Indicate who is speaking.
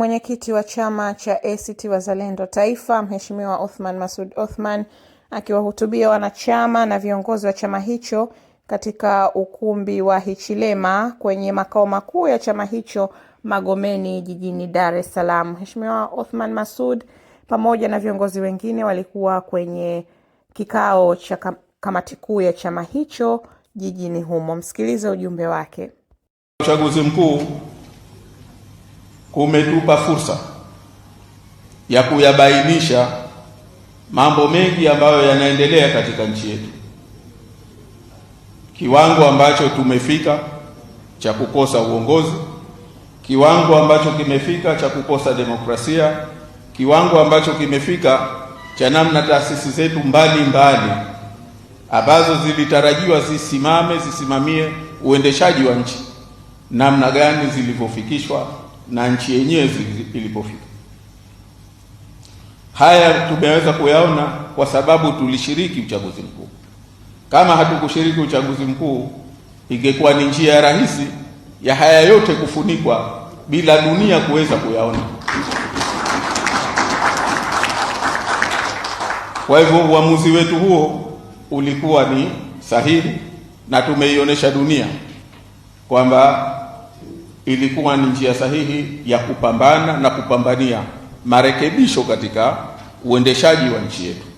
Speaker 1: Mwenyekiti wa chama cha ACT Wazalendo Taifa, Mheshimiwa Othman Masoud Othman akiwahutubia wanachama na viongozi wa chama hicho katika ukumbi wa Hichilema kwenye makao makuu ya chama hicho Magomeni jijini Dar es Salaam. Mheshimiwa Othman Masoud pamoja na viongozi wengine walikuwa kwenye kikao cha kamati kuu ya chama hicho jijini humo. Msikilize ujumbe wake.
Speaker 2: Uchaguzi mkuu kumetupa fursa ya kuyabainisha mambo mengi ambayo yanaendelea katika nchi yetu, kiwango ambacho tumefika cha kukosa uongozi, kiwango ambacho kimefika cha kukosa demokrasia, kiwango ambacho kimefika cha namna taasisi zetu mbalimbali ambazo zilitarajiwa zisimame zisimamie uendeshaji wa nchi, namna gani zilivyofikishwa na nchi yenyewe ilipofika. Haya tumeweza kuyaona kwa sababu tulishiriki uchaguzi mkuu. Kama hatukushiriki uchaguzi mkuu, ingekuwa ni njia rahisi ya haya yote kufunikwa bila dunia kuweza kuyaona. Kwa hivyo uamuzi wetu huo ulikuwa ni sahihi na tumeionyesha dunia kwamba ilikuwa ni njia sahihi ya kupambana na kupambania marekebisho katika uendeshaji wa nchi yetu.